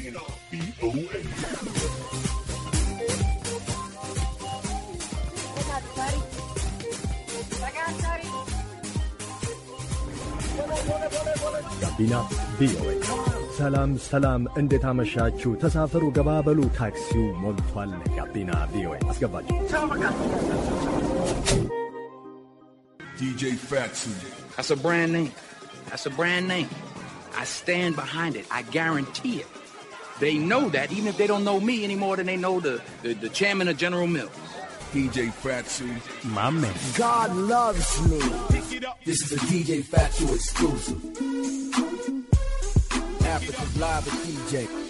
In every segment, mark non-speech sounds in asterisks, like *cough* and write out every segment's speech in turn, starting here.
ጋቢና ቪኦኤ ጋቢና ቪኦኤ። ሰላም ሰላም፣ እንዴት አመሻችሁ? ተሳፈሩ፣ ገባበሉ፣ ታክሲው ሞልቷል። ጋቢና ቪኦኤ አስገባችሁ። DJ Fatsu. That's a brand name. That's a brand name. I stand behind it. I guarantee it. They know that, even if they don't know me any more than they know the, the, the chairman of General Mills. DJ Fatsu, my man. God loves me. This is a DJ Fatsu exclusive. Africa's live with DJ.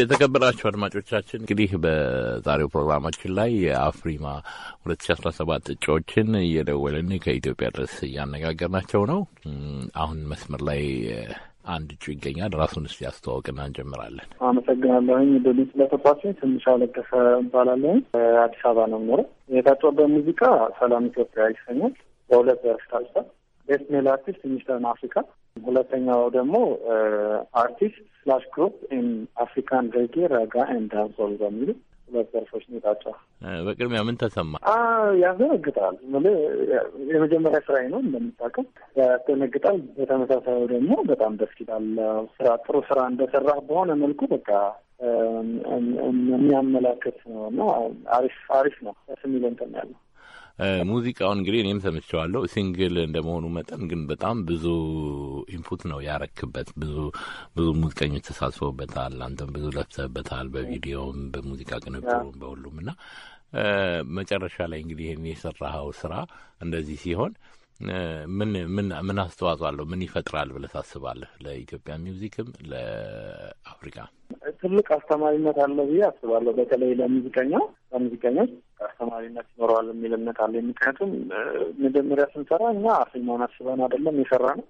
የተከበራችሁ አድማጮቻችን እንግዲህ በዛሬው ፕሮግራማችን ላይ የአፍሪማ 2017 እጩዎችን እየደወልን ከኢትዮጵያ ድረስ እያነጋገርናቸው ነው። አሁን መስመር ላይ አንድ እጩ ይገኛል። ራሱን እስኪ አስተዋውቅና እንጀምራለን። አመሰግናለሁኝ ዶሊ ስለተባችን ትንሽ አለቀሰ እባላለሁ። አዲስ አበባ ነው የምኖረው። የታጨበ ሙዚቃ ሰላም ኢትዮጵያ ይሰኛል። በሁለት ያርስታልሳል ኤስሜል አርቲስት ኢንስተርን አፍሪካ፣ ሁለተኛው ደግሞ አርቲስት ስላሽ ግሩፕ ኢን አፍሪካን ሬጌ ረጋ ኤንድ ዳንሶል በሚሉ ሁለት ዘርፎች ኔጣቸው። uh, በቅድሚያ ምን ተሰማ? ያስደነግጣል። የመጀመሪያ ስራ ነው እንደምታውቀው፣ ያስደነግጣል። በተመሳሳዩ ደግሞ በጣም ደስ ይላል። ስራ ጥሩ ስራ እንደሰራ በሆነ መልኩ በቃ የሚያመላክት ነው እና አሪፍ አሪፍ ነው። ደስ የሚል እንትን ያለው ሙዚቃውን እንግዲህ እኔም ሰምቼዋለሁ። ሲንግል እንደመሆኑ መጠን ግን በጣም ብዙ ኢንፑት ነው ያረክበት። ብዙ ብዙ ሙዚቀኞች ተሳትፈውበታል። አንተም ብዙ ለፍተህበታል፣ በቪዲዮም፣ በሙዚቃ ቅንብሩም፣ በሁሉም እና መጨረሻ ላይ እንግዲህ ይህን የሰራኸው ስራ እንደዚህ ሲሆን ምን ምን ምን አስተዋጽኦ አለው? ምን ይፈጥራል ብለህ ታስባለህ? ለኢትዮጵያ ሚውዚክም ለአፍሪካ ትልቅ አስተማሪነት አለ ብዬ አስባለሁ። በተለይ ለሙዚቀኛው ለሙዚቀኞች አስተማሪነት ይኖረዋል የሚል እምነት አለ። ምክንያቱም መጀመሪያ ስንሰራ እኛ አፍኛውን አስበን አይደለም የሰራ ነው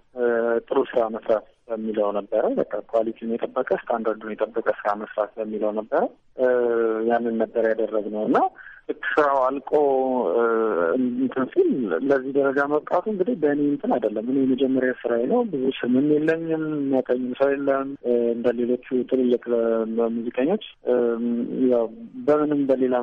ጥሩ ስራ መስራት በሚለው ነበረ። በቃ ኳሊቲን የጠበቀ ስታንዳርዱን የጠበቀ ስራ መስራት በሚለው ነበረ። ያንን ነበር ያደረግነው እና ስራው አልቆ እንትን ሲል ለዚህ ደረጃ መብቃቱ እንግዲህ በእኔ እንትን አይደለም። እኔ የመጀመሪያ ስራ ነው። ብዙ ስምም የለኝም፣ የሚያቀኝም ሰው የለም። እንደ ሌሎቹ ትልልቅ ሙዚቀኞች በምንም በሌላ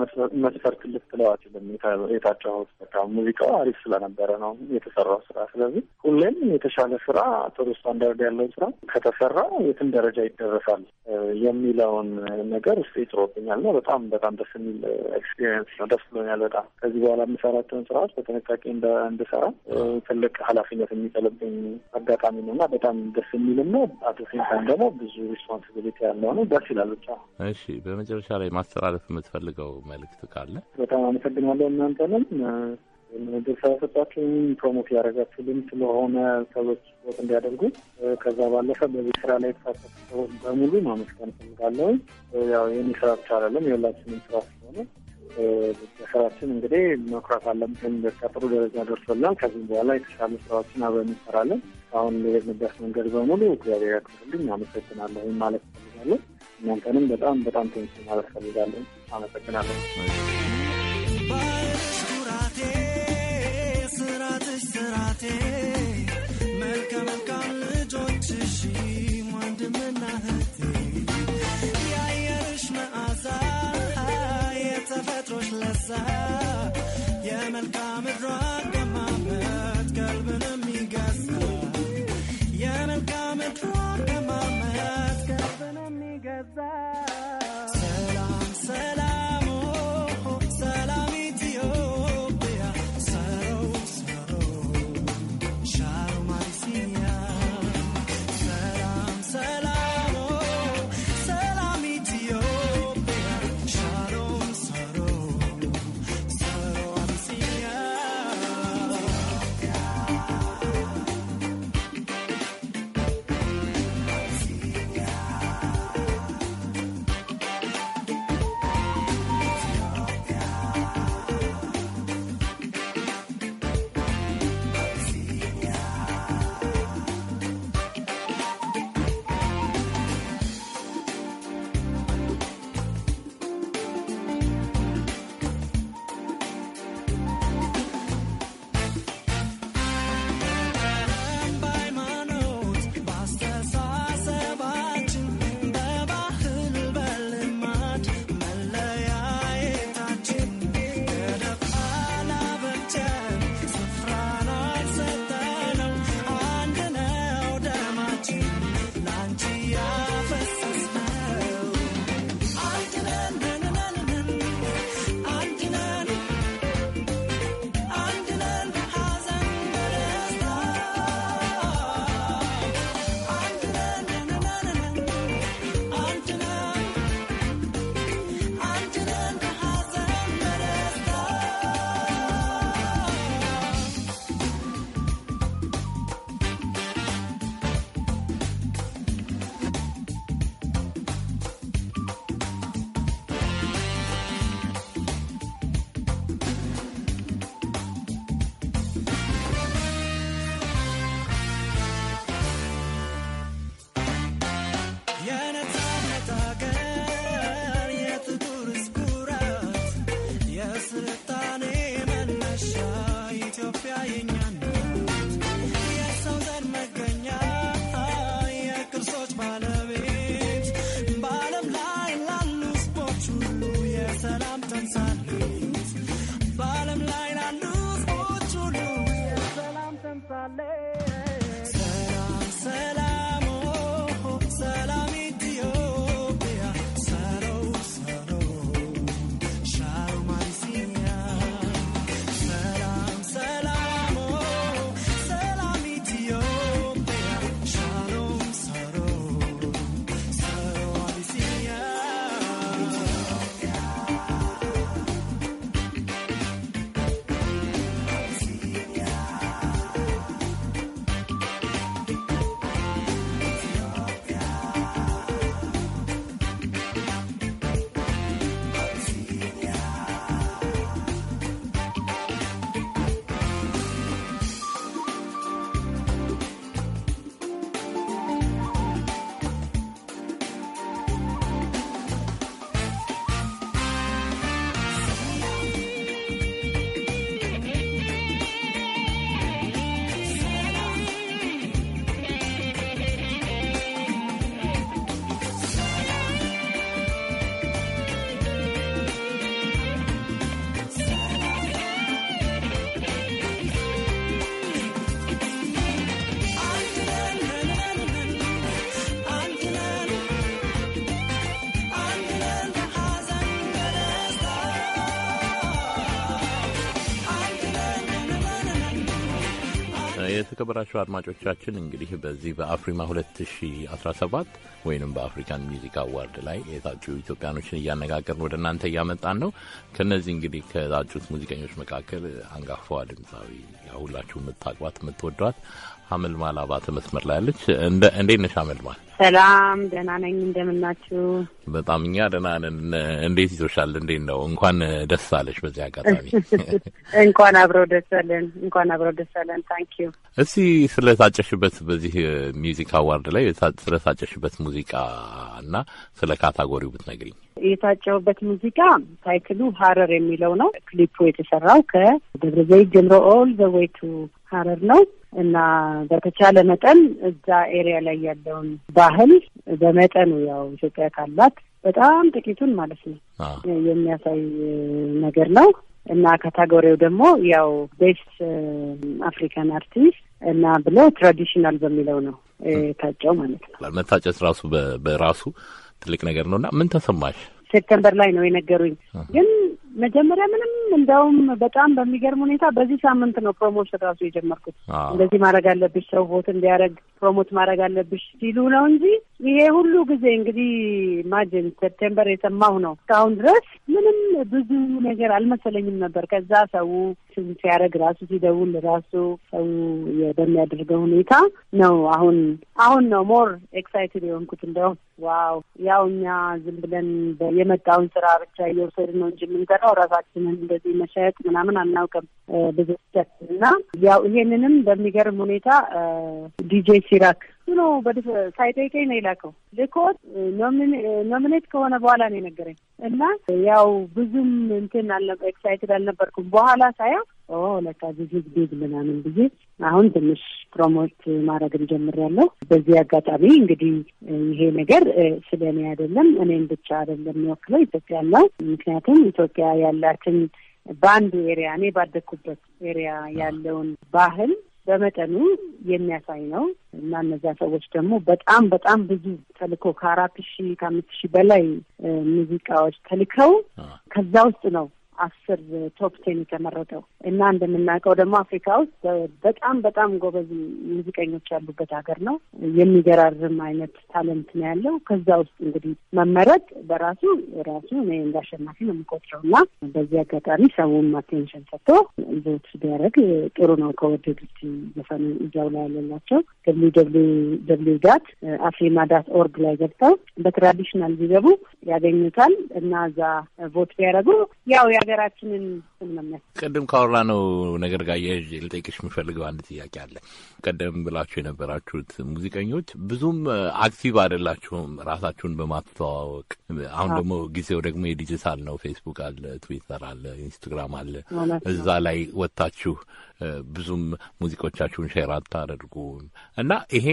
መስፈርት ልትለው አችልም። የታቸው በቃ ሙዚቃው አሪፍ ስለነበረ ነው የተሰራው ስራ። ስለዚህ ሁሌም የተሻለ ስራ፣ ጥሩ ስታንዳርድ ያለው ስራ ከተሰራ የትን ደረጃ ይደረሳል የሚለውን ነገር ውስጥ ይጥሮብኛል እና በጣም በጣም ደስ የሚል ኤክስፒሪየንስ ማለት ነው። ደስ ብሎኛል በጣም ከዚህ በኋላ የምሰራቸውን ስራዎች በጥንቃቄ እንድሰራ ትልቅ ኃላፊነት የሚጠለብኝ አጋጣሚ ነው እና በጣም ደስ የሚልም ነው። አቶ ሴንታን ደግሞ ብዙ ሪስፖንሲቢሊቲ ያለው ነው። ደስ ይላል ብቻ። እሺ፣ በመጨረሻ ላይ ማስተላለፍ የምትፈልገው መልእክት ካለ? በጣም አመሰግናለሁ እናንተንም ምንድር ስለሰጣችሁኝ ፕሮሞት ያደረጋችሁልን ስለሆነ ሰዎች ቦት እንዲያደርጉ ከዛ ባለፈ በዚህ ስራ ላይ የተሳተፉ ሰዎች በሙሉ ማመስገን ፈልጋለሁ። ያው የኔ ስራ ብቻ አይደለም የሁላችንም ስራ ስለሆነ ስራችን እንግዲህ መኩራት አለብን። በቃ ደረጃ ደርሶላል። ከዚህም በኋላ የተሻሉ ስራዎችን አብረን እንሰራለን። አሁን የሄድንበት መንገድ በሙሉ እግዚአብሔር ያክፍልኝ። አመሰግናለሁ ማለት ፈልጋለሁ። እናንተንም በጣም በጣም ቴንስ ማለት ፈልጋለሁ። አመሰግናለሁ። ስራትሽ ስራቴ الكام الراقع የተከበራችሁ አድማጮቻችን እንግዲህ በዚህ በአፍሪማ 2017 ወይንም በአፍሪካን ሚዚክ አዋርድ ላይ የታጩ ኢትዮጵያኖችን እያነጋገርን ወደ እናንተ እያመጣን ነው። ከነዚህ እንግዲህ ከታጩት ሙዚቀኞች መካከል አንጋፋዋ ድምፃዊ ያሁላችሁ የምታቋት የምትወዷት ሀመልማል አባተ መስመር ላይ ያለች። እንዴት ነሽ ሀመልማል? ሰላም ደህና ነኝ። እንደምናችሁ? በጣም እኛ ደህና ነን። እንዴት ይዞሻል? እንዴት ነው? እንኳን ደስ አለሽ። በዚህ አጋጣሚ *laughs* እንኳን አብረው ደስ አለን። እንኳን አብረው ደስ አለን። ዩ። እስቲ ስለታጨሽበት በዚህ ሚውዚክ አዋርድ ላይ ስለታጨሽበት ሙዚቃ እና ስለ ካታጎሪው ብትነግሪኝ። የታጨውበት ሙዚቃ ታይትሉ ሀረር የሚለው ነው። ክሊፑ የተሰራው ከደብረ ዘይት ጀምሮ ኦል ዘ ዌይ ቱ ሀረር ነው እና በተቻለ መጠን እዛ ኤሪያ ላይ ያለውን ባህል በመጠኑ ያው ኢትዮጵያ ካላት በጣም ጥቂቱን ማለት ነው የሚያሳይ ነገር ነው እና ካታጎሪው ደግሞ ያው ቤስት አፍሪካን አርቲስት እና ብሎ ትራዲሽናል በሚለው ነው የታጨው ማለት ነው። መታጨት ራሱ በራሱ ትልቅ ነገር ነው እና ምን ተሰማሽ? ሴፕተምበር ላይ ነው የነገሩኝ። ግን መጀመሪያ ምንም እንደውም በጣም በሚገርም ሁኔታ በዚህ ሳምንት ነው ፕሮሞሽን ራሱ የጀመርኩት። እንደዚህ ማድረግ አለብሽ፣ ሰው ቦት እንዲያደርግ ፕሮሞት ማድረግ አለብሽ ሲሉ ነው እንጂ ይሄ ሁሉ ጊዜ እንግዲህ ማጅን ሴፕቴምበር የሰማሁ ነው። እስካሁን ድረስ ምንም ብዙ ነገር አልመሰለኝም ነበር። ከዛ ሰው ራሱን ሲያደርግ ራሱ ሲደውል ራሱ ሰው በሚያደርገው ሁኔታ ነው። አሁን አሁን ነው ሞር ኤክሳይትድ የሆንኩት እንደውም ዋው ያው እኛ ዝም ብለን የመጣውን ስራ ብቻ እየወሰድን ነው እንጂ የምንሰራው ራሳችንን እንደዚህ መሸጥ ምናምን አናውቅም ብዙ እና ያው ይሄንንም በሚገርም ሁኔታ ዲጄ ሲራክ እሱ ነው ሳይጠይቀኝ ነው የላከው። ልኮት ኖሚኔት ከሆነ በኋላ ነው የነገረኝ እና ያው ብዙም እንትን ኤክሳይትድ አልነበርኩም። በኋላ ሳያ ለካ ጊዜ ቤግ ምናምን ብዬ አሁን ትንሽ ፕሮሞት ማድረግም ጀምሬያለሁ። በዚህ አጋጣሚ እንግዲህ ይሄ ነገር ስለ እኔ አይደለም፣ እኔም ብቻ አይደለም የሚወክለው ኢትዮጵያ ነው። ምክንያቱም ኢትዮጵያ ያላትን በአንድ ኤሪያ እኔ ባደግኩበት ኤሪያ ያለውን ባህል በመጠኑ የሚያሳይ ነው እና እነዚያ ሰዎች ደግሞ በጣም በጣም ብዙ ተልኮ ከአራት ሺህ ከአምስት ሺህ በላይ ሙዚቃዎች ተልከው ከዛ ውስጥ ነው አስር ቶፕ ቴን የተመረጠው እና እንደምናውቀው ደግሞ አፍሪካ ውስጥ በጣም በጣም ጎበዝ ሙዚቀኞች ያሉበት ሀገር ነው። የሚገራርም አይነት ታለንት ነው ያለው። ከዛ ውስጥ እንግዲህ መመረጥ በራሱ ራሱ እንደ አሸናፊ ነው የምቆጥረው እና በዚህ አጋጣሚ ሰውም አቴንሽን ሰጥቶ ቮት ቢያደርግ ጥሩ ነው። ከወደዱት ዘፈኑ እዚያው ላይ ያለላቸው ደብሊው ደብሊው ደብሊው ዳት አፍሪማ ዳት ኦርግ ላይ ገብተው በትራዲሽናል ቢገቡ ያገኙታል እና እዛ ቦት ቢያደርጉ ያው ሀገራችንን ስንመመስ ቅድም ካወራነው ነገር ጋር እያይዤ ልጠይቅሽ የምፈልገው አንድ ጥያቄ አለ። ቀደም ብላችሁ የነበራችሁት ሙዚቀኞች ብዙም አክቲቭ አይደላችሁም ራሳችሁን በማስተዋወቅ አሁን ደግሞ ጊዜው ደግሞ የዲጂታል ነው። ፌስቡክ አለ፣ ትዊተር አለ፣ ኢንስታግራም አለ። እዛ ላይ ወጥታችሁ ብዙም ሙዚቆቻችሁን ሼር አታደርጉም እና ይሄ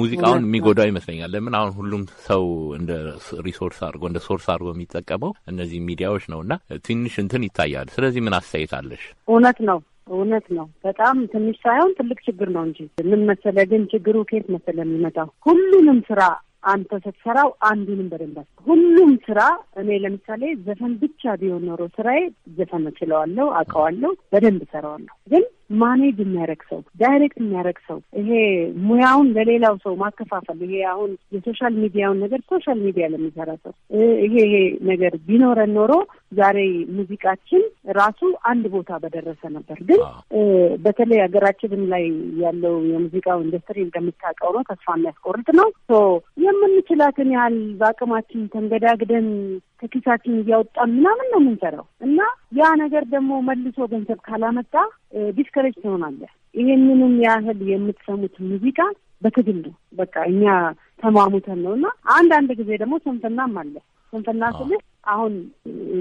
ሙዚቃውን የሚጎዳው ይመስለኛል። ለምን አሁን ሁሉም ሰው እንደ ሪሶርስ አድርጎ እንደ ሶርስ አድርጎ የሚጠቀመው እነዚህ ሚዲያዎች ነው እና ትንሽ እንትን ይታያል። ስለዚህ ምን አስተያየት አለሽ? እውነት ነው እውነት ነው። በጣም ትንሽ ሳይሆን ትልቅ ችግር ነው እንጂ ምን መሰለ ግን ችግሩ ኬት መሰለ የሚመጣው ሁሉንም ስራ አንተ ስትሰራው አንዱንም በደንብ ሁሉም ስራ እኔ ለምሳሌ ዘፈን ብቻ ቢሆን ኖሮ ስራዬ ዘፈን እችለዋለሁ፣ አውቀዋለሁ፣ በደንብ እሰራዋለሁ። ግን ማኔጅ የሚያደረግ ሰው፣ ዳይሬክት የሚያደረግ ሰው፣ ይሄ ሙያውን ለሌላው ሰው ማከፋፈል፣ ይሄ አሁን የሶሻል ሚዲያውን ነገር ሶሻል ሚዲያ ለሚሰራ ሰው ይሄ ይሄ ነገር ቢኖረን ኖሮ ዛሬ ሙዚቃችን ራሱ አንድ ቦታ በደረሰ ነበር። ግን በተለይ ሀገራችንም ላይ ያለው የሙዚቃው ኢንዱስትሪ እንደምታውቀው ነው፣ ተስፋ የሚያስቆርጥ ነው። የምንችላትን ያህል በአቅማችን ተንገዳግደን ከኪሳችን እያወጣን ምናምን ነው የምንሰራው እና ያ ነገር ደግሞ መልሶ ገንዘብ ካላመጣ ዲስከሬጅ ትሆናለህ። ይሄንንም ያህል የምትሰሙት ሙዚቃ በትግል ነው። በቃ እኛ ተሟሙተን ነው እና አንዳንድ ጊዜ ደግሞ ስንፍናም አለ። ስንፍና ስልህ አሁን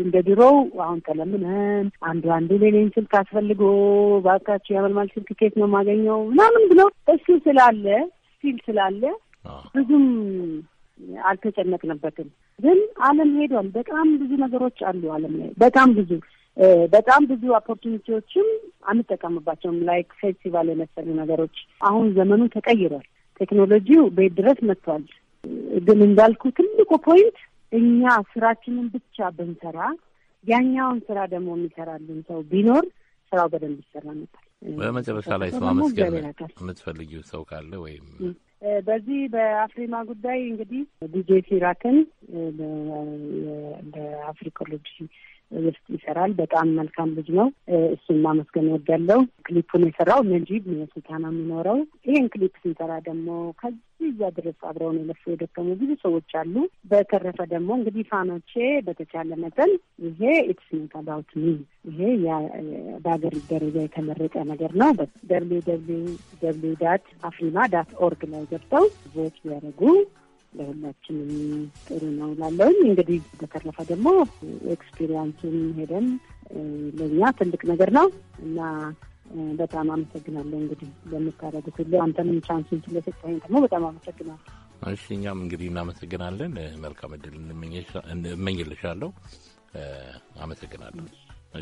እንደ ድሮው አሁን ተለምነን አንዱ አንዱ ሌሌን ስልክ አስፈልጎ ባካቸው ያመልማል ስልክ ኬት ነው የማገኘው ምናምን ብለው እሱ ስላለ ስቲል ስላለ ብዙም አልተጨነቅንበትም። ግን ዓለም ሄዷል። በጣም ብዙ ነገሮች አሉ ዓለም ላይ በጣም ብዙ በጣም ብዙ ኦፖርቹኒቲዎችም አንጠቀምባቸውም። ላይክ ፌስቲቫል የመሰሉ ነገሮች አሁን ዘመኑ ተቀይሯል። ቴክኖሎጂው ቤት ድረስ መጥቷል። ግን እንዳልኩ ትልቁ ፖይንት እኛ ስራችንን ብቻ ብንሰራ፣ ያኛውን ስራ ደግሞ የሚሰራልን ሰው ቢኖር ስራው በደንብ ይሰራ ነበር። በመጨረሻ ላይ ሰው ማመስገን የምትፈልጊው ሰው ካለ ወይም በዚህ በአፍሪማ ጉዳይ እንግዲህ ዲጄ ሲራክን በአፍሪኮሎጂ ውስጥ ይሰራል። በጣም መልካም ልጅ ነው። እሱን ማመስገን ወዳለው ክሊፑን የሰራው ነጂብ ሚነሶታና የሚኖረው ይህን ክሊፕ ስንሰራ ደግሞ ከዚህ እዛ ድረስ አብረውን የለፉ የደከሙ ብዙ ሰዎች አሉ። በተረፈ ደግሞ እንግዲህ ፋኖቼ በተቻለ መጠን ይሄ ኢትስ ኖት አባውት ሚ ይሄ በሀገር ደረጃ የተመረጠ ነገር ነው። ደብሊው ደብሊው ደብሊው ዳት አፍሪማ ዳት ኦርግ ላይ ገብተው ቮት ያደረጉ ለሁላችንም ጥሩ ነው ላለውኝ እንግዲህ በተረፈ ደግሞ ኤክስፒሪያንሱን ሄደን ለእኛ ትልቅ ነገር ነው እና በጣም አመሰግናለሁ እንግዲህ ለምታደርጉት ሁሉ። አንተንም ቻንሱን ስለሰጠኝ ደግሞ በጣም አመሰግናለሁ። እሺ፣ እኛም እንግዲህ እናመሰግናለን። መልካም እድል እመኝልሻለሁ። አመሰግናለሁ።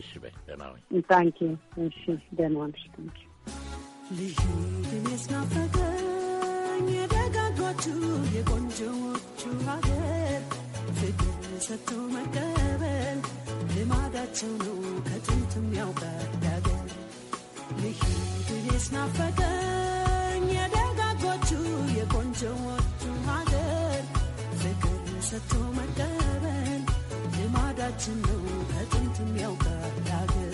እሺ በይ ደህና ወይ። ታንኪ። እሺ ደህና ልሽ። ታንኪ ልዩ ድሜስ የደጋጎቹ የቆንጆዎቹ ሀገር ፍቅር ሰጥቶ መቀበል ልማዳቸው ነው ከጥንትም ያውቃል ያገር ልሂድ ብዬስ ናፈቀኝ ፍቅር ሰጥቶ መቀበል ልማዳችን ነው ከጥንትም ያውቃል ያገር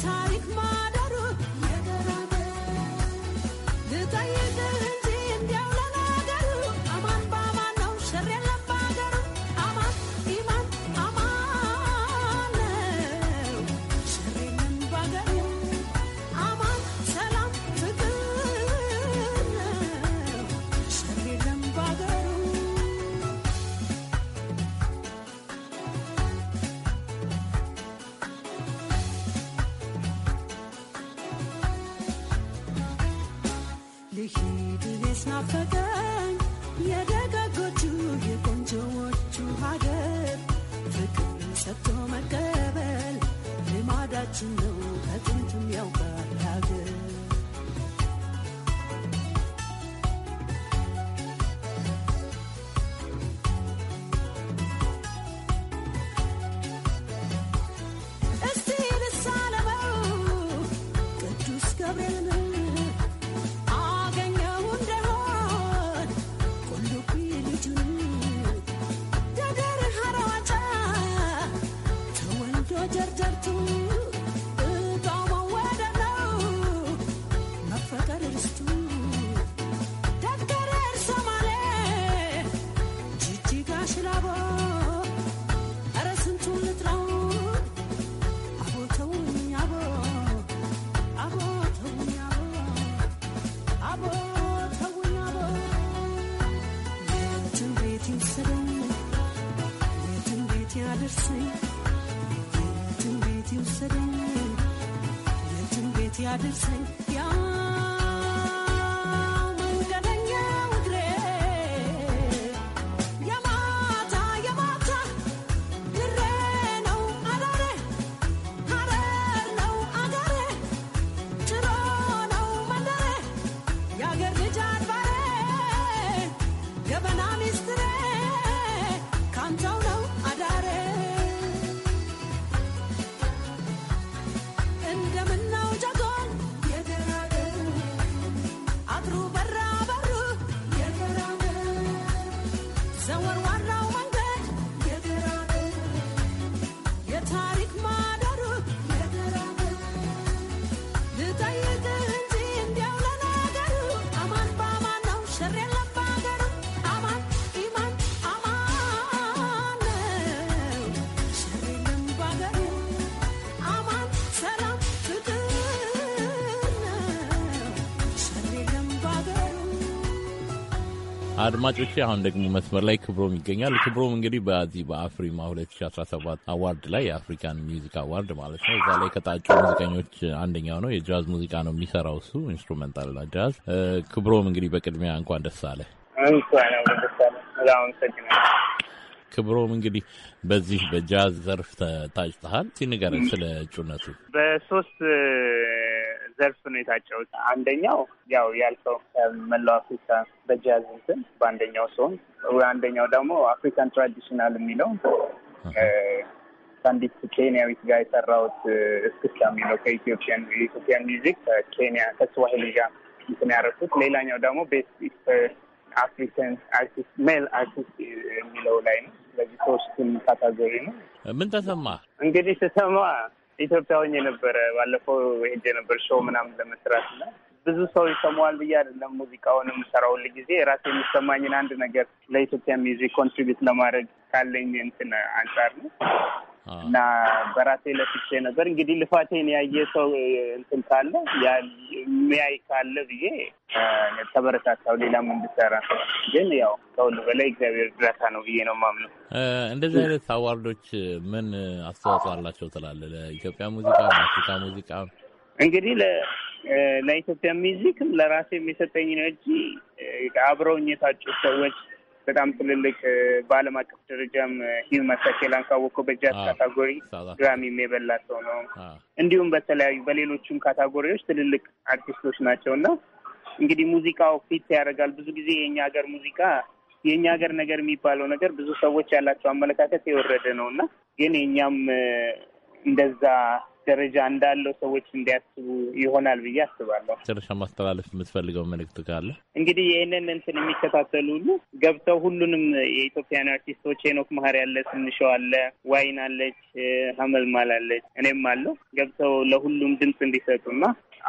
tarih mada አድማጮቼ አሁን ደግሞ መስመር ላይ ክብሮም ይገኛል። ክብሮም እንግዲህ በዚህ በአፍሪማ 2017 አዋርድ ላይ የአፍሪካን ሚውዚክ አዋርድ ማለት ነው፣ እዛ ላይ ከታጩ ሙዚቀኞች አንደኛው ነው። የጃዝ ሙዚቃ ነው የሚሰራው እሱ ኢንስትሩሜንታል ጃዝ። ክብሮም እንግዲህ በቅድሚያ እንኳን ደስ አለ። ክብሮም እንግዲህ በዚህ በጃዝ ዘርፍ ታጭተሃል። ሲንገረን ስለ እጩነቱ በሶስት ዘርፍ ነው የታጨሁት። አንደኛው ያው ያልከው መላው አፍሪካ በጃዝ እንትን በአንደኛው ሶን፣ አንደኛው ደግሞ አፍሪካን ትራዲሽናል የሚለው ከአንዲት ኬንያዊት ጋር የሰራሁት እስክስታ የሚለው ከኢትዮጵያን የኢትዮጵያን ሚዚክ ከኬንያ ከስዋሂሊ ጋር እንትን ያደረኩት። ሌላኛው ደግሞ ቤስት አፍሪካን አርቲስት ሜል አርቲስት የሚለው ላይ ነው። ስለዚህ ሶስቱን ካታጎሪ ነው። ምን ተሰማ እንግዲህ ተሰማ ኢትዮጵያውኝ የነበረ ባለፈው ሄጄ ነበር ሾው ምናምን ለመስራት እና ብዙ ሰው ይሰማዋል ብዬ አይደለም ሙዚቃውን የምሰራው ጊዜ ራሴ የሚሰማኝን አንድ ነገር ለኢትዮጵያ ሚዚክ ኮንትሪቢዩት ለማድረግ ካለኝ እንትን አንጻር ነው። እና በራሴ ለፍቼ ነበር። እንግዲህ ልፋቴን ያየ ሰው እንትን ካለ የሚያይ ካለ ብዬ ተበረታታው ሌላም እንድሰራ። ግን ያው ከሁሉ በላይ እግዚአብሔር እርዳታ ነው ብዬ ነው ማምነው። እንደዚህ አይነት አዋርዶች ምን አስተዋጽኦ አላቸው ትላለ ለኢትዮጵያ ሙዚቃ፣ ለአፍሪካ ሙዚቃ እንግዲህ ለኢትዮጵያ ሚዚክም ለራሴ የሚሰጠኝ ነው እንጂ አብረውኝ የታጩ ሰዎች በጣም ትልልቅ በዓለም አቀፍ ደረጃም ሂውመን ሳኬላን ካወቅከው በጃዝ ካታጎሪ ግራሚም የበላ ሰው ነው። እንዲሁም በተለያዩ በሌሎችም ካታጎሪዎች ትልልቅ አርቲስቶች ናቸው እና እንግዲህ ሙዚቃው ፊት ያደርጋል። ብዙ ጊዜ የእኛ ሀገር ሙዚቃ የእኛ ሀገር ነገር የሚባለው ነገር ብዙ ሰዎች ያላቸው አመለካከት የወረደ ነው እና ግን የእኛም እንደዛ ደረጃ እንዳለው ሰዎች እንዲያስቡ ይሆናል ብዬ አስባለሁ። መጨረሻ ማስተላለፍ የምትፈልገው መልእክት ካለ እንግዲህ ይህንን እንትን የሚከታተሉ ሁሉ ገብተው ሁሉንም የኢትዮጵያን አርቲስቶች ሄኖክ ማህሪ ያለ ስንሸው አለ፣ ዋይን አለች፣ ሀመልማል አለች፣ እኔም አለው ገብተው ለሁሉም ድምፅ እንዲሰጡና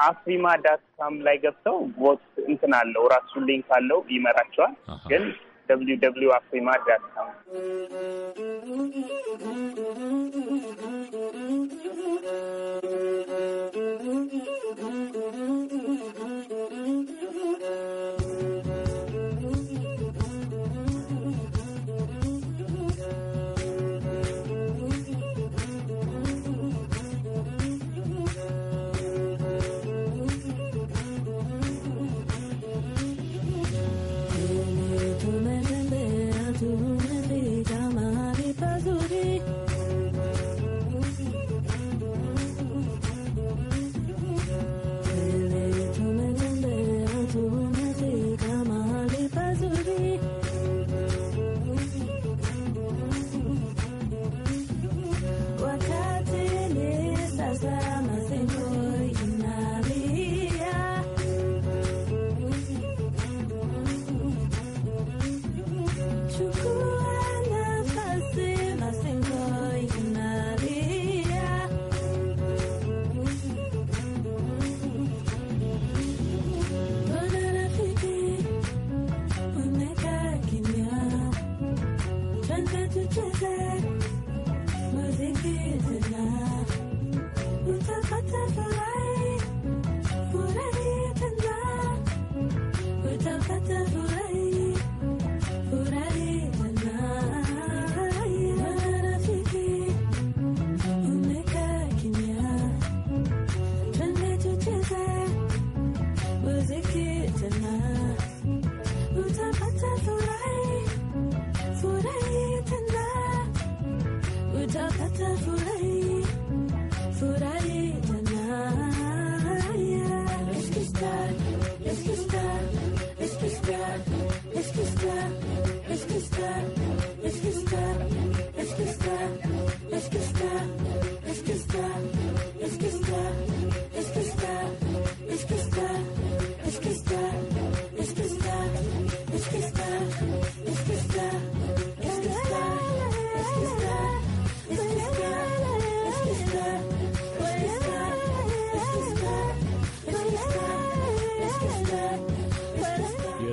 አፍሪማ ዳት ካም ላይ ገብተው ቦት እንትን አለው ራሱ ሊንክ አለው ይመራቸዋል ግን www.afrimat.com. to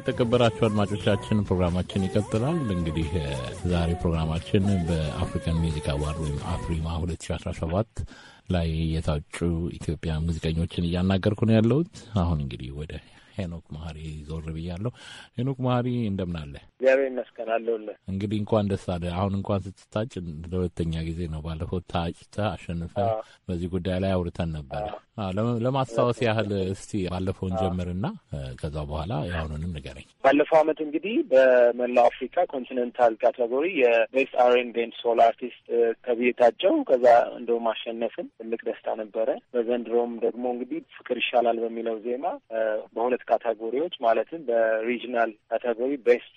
የተከበራችሁ አድማጮቻችን ፕሮግራማችን ይቀጥላል። እንግዲህ ዛሬ ፕሮግራማችን በአፍሪካን ሚውዚክ አዋርድ ወይም አፍሪማ 2017 ላይ የታጩ ኢትዮጵያ ሙዚቀኞችን እያናገርኩ ነው ያለሁት። አሁን እንግዲህ ወደ ሄኖክ ማሪ ዞር ብያለሁ። ሄኖክ መሀሪ እንደምን አለ? እግዚአብሔር ይመስገን አለሁልህ። እንግዲህ እንኳን ደስ አለ። አሁን እንኳን ስትታጭ ለሁለተኛ ጊዜ ነው። ባለፈው ታጭተ አሸንፈ በዚህ ጉዳይ ላይ አውርተን ነበረ። ለማስታወስ ያህል እስቲ ባለፈውን ጀምርና ከዛ በኋላ የአሁኑንም ንገረኝ። ባለፈው ዓመት እንግዲህ በመላው አፍሪካ ኮንቲኔንታል ካቴጎሪ የቤስት አሬን ቤንድ ሶል አርቲስት ተብዬ ከዛ እንደውም አሸነፍን። ትልቅ ደስታ ነበረ። በዘንድሮም ደግሞ እንግዲህ ፍቅር ይሻላል በሚለው ዜማ በሁለት ካታጎሪዎች ማለትም በሪጅናል ካታጎሪ ቤስት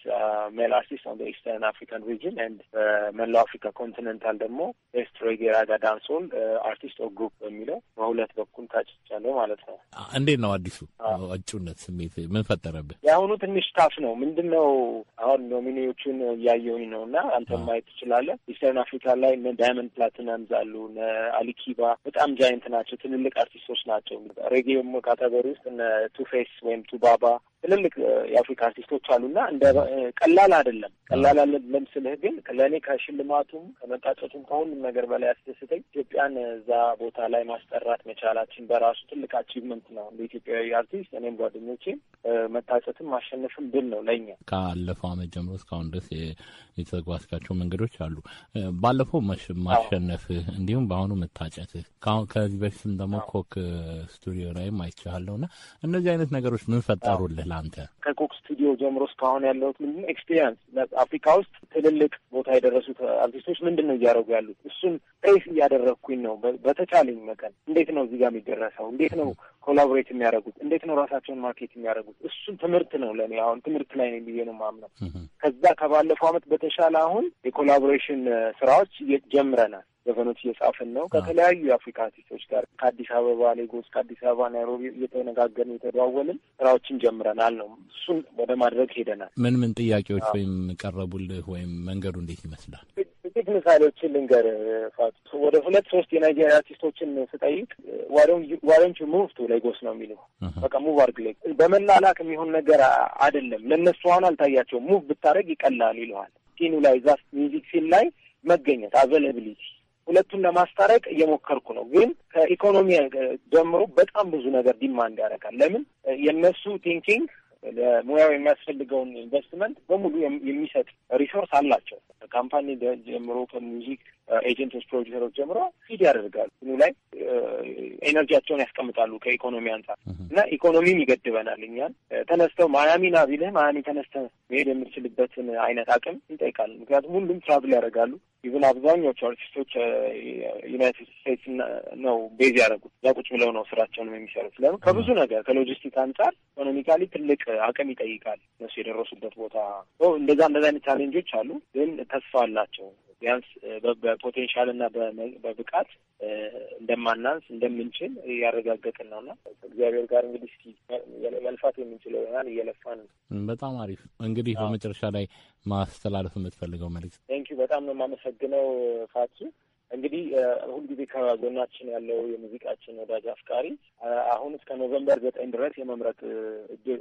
ሜል አርቲስት ኦን ኢስተርን አፍሪካን ሪጅን ኤንድ በመላው አፍሪካ ኮንቲኔንታል ደግሞ ቤስት ሬጌ ራጋ ዳንሶል አርቲስት ኦ ግሩፕ በሚለው በሁለት በኩል ታጭቻለሁ ማለት ነው። እንዴት ነው አዲሱ እጩነት ስሜት ምን ፈጠረብህ? የአሁኑ ትንሽ ታፍ ነው። ምንድን ነው አሁን ኖሚኒዎቹን እያየሁኝ ነው እና አንተ ማየት ትችላለህ። ኢስተርን አፍሪካ ላይ ዳይመንድ ፕላቲናምዝ አሉ፣ አሊኪባ በጣም ጃይንት ናቸው። ትልልቅ አርቲስቶች ናቸው። ሬጌ ካታጎሪ ውስጥ ቱፌስ ወይም Mtubaba ትልልቅ የአፍሪካ አርቲስቶች አሉና እንደ ቀላል አይደለም። ቀላል አይደለም ስልህ ግን ለእኔ ከሽልማቱም ከመጣጨቱም ከሁሉም ነገር በላይ አስደስተኝ ኢትዮጵያን እዛ ቦታ ላይ ማስጠራት መቻላችን በራሱ ትልቅ አቺቭመንት ነው። እንደ ኢትዮጵያዊ አርቲስት እኔም ጓደኞቼም መታጨትም ማሸነፍም ድል ነው ለኛ። ካለፈው ዓመት ጀምሮ እስካሁን ድረስ የተጓዝካቸው መንገዶች አሉ። ባለፈው ማሸነፍህ እንዲሁም በአሁኑ መታጨትህ ከዚህ በፊትም ደግሞ ኮክ ስቱዲዮ ላይም አይቻለሁና እነዚህ አይነት ነገሮች ምን ፈጠሩልህ? ለአንተ? ከኮክ ስቱዲዮ ጀምሮ እስካሁን ያለሁት ምንድነው ኤክስፒሪንስ አፍሪካ ውስጥ ትልልቅ ቦታ የደረሱት አርቲስቶች ምንድን ነው እያደረጉ ያሉት? እሱን ፌስ እያደረግኩኝ ነው። በተቻለኝ መቀን እንዴት ነው እዚህ ጋር የሚደረሰው? እንዴት ነው ኮላቦሬት የሚያደርጉት እንዴት ነው ራሳቸውን ማርኬት የሚያደርጉት፣ እሱን ትምህርት ነው ለእኔ አሁን ትምህርት ላይ ነው ብዬ ነው ማምነው። ከዛ ከባለፈው አመት በተሻለ አሁን የኮላቦሬሽን ስራዎች ጀምረናል። ዘፈኖች እየጻፍን ነው ከተለያዩ የአፍሪካ አርቲስቶች ጋር ከአዲስ አበባ ሌጎስ፣ ከአዲስ አበባ ናይሮቢ እየተነጋገርን እየተደዋወልን ስራዎችን ጀምረናል ነው እሱን ወደ ማድረግ ሄደናል። ምን ምን ጥያቄዎች ወይም ቀረቡልህ ወይም መንገዱ እንዴት ይመስላል? ምሳሌዎችን ልንገር ፋቱ። ወደ ሁለት ሶስት የናይጄሪያ አርቲስቶችን ስጠይቅ ዋዶንች ሙቭ ቱ ሌጎስ ነው የሚሉ በቃ ሙቭ አርግ ሌጎስ። በመላላክ የሚሆን ነገር አይደለም። ለእነሱ አሁን አልታያቸው ሙቭ ብታደረግ ይቀላል ይለዋል። ሲኑ ላይ እዛ ሚዚክ ሲን ላይ መገኘት አቬላብሊቲ ሁለቱን ለማስታረቅ እየሞከርኩ ነው፣ ግን ከኢኮኖሚ ጀምሮ በጣም ብዙ ነገር ዲማንድ ያደርጋል። ለምን የእነሱ ቲንኪንግ ለሙያው የሚያስፈልገውን ኢንቨስትመንት በሙሉ የሚሰጥ ሪሶርስ አላቸው። ከካምፓኒ ጀምሮ ከሙዚክ ኤጀንቶች፣ ፕሮዲሰሮች ጀምሮ ፊድ ያደርጋሉ ኑ ላይ ኤነርጂያቸውን ያስቀምጣሉ ከኢኮኖሚ አንጻር እና ኢኮኖሚም ይገድበናል። እኛን ተነስተው ማያሚ ና ቢልህ ማያሚ ተነስተ መሄድ የምትችልበትን አይነት አቅም እንጠይቃለን። ምክንያቱም ሁሉም ትራቭል ያደርጋሉ። ኢቭን አብዛኞቹ አርቲስቶች ዩናይትድ ስቴትስ ነው ቤዝ ያደረጉት። እዛ ቁጭ ብለው ነው ስራቸውንም የሚሰሩት። ለምን ከብዙ ነገር ከሎጂስቲክ አንጻር ኢኮኖሚካሊ ትልቅ አቅም ይጠይቃል። እነሱ የደረሱበት ቦታ እንደዛ እንደዛ አይነት ቻሌንጆች አሉ፣ ግን ተስፋ አላቸው። ቢያንስ በፖቴንሻል እና በብቃት እንደማናንስ እንደምንችል እያረጋገጥን ነው እና እግዚአብሔር ጋር እንግዲህ እስኪ መልፋት የምንችለው ይሆናል እየለፋን ነው። በጣም አሪፍ። እንግዲህ በመጨረሻ ላይ ማስተላለፍ የምትፈልገው መልዕክት? ቴንኪው በጣም ነው የማመሰግነው ፋቱ እንግዲህ ሁልጊዜ ከጎናችን ያለው የሙዚቃችን ወዳጅ አፍቃሪ አሁን እስከ ኖቨምበር ዘጠኝ ድረስ የመምረጥ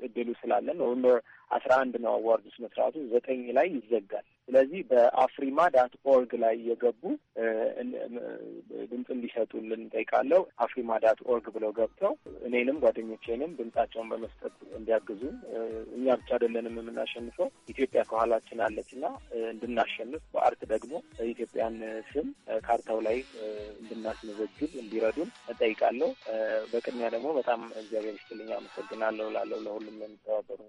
እድሉ ስላለን ኖቨምበር አስራ አንድ ነው አዋርዱ ስነ ስርዓቱ ዘጠኝ ላይ ይዘጋል። ስለዚህ በአፍሪማ ዳት ኦርግ ላይ የገቡ ድምፅ እንዲሰጡልን እንጠይቃለሁ። አፍሪማ ዳት ኦርግ ብለው ገብተው እኔንም ጓደኞቼንም ድምጻቸውን በመስጠት እንዲያግዙን። እኛ ብቻ አይደለንም የምናሸንፈው፣ ኢትዮጵያ ከኋላችን አለች እና እንድናሸንፍ በአርት ደግሞ ኢትዮጵያን ስም ካርታው ላይ እንድናስመዘግብ እንዲረዱን እጠይቃለሁ። በቅድሚያ ደግሞ በጣም እግዚአብሔር ይስጥልኝ አመሰግናለሁ ላለው ለሁሉም ለሚተባበሩ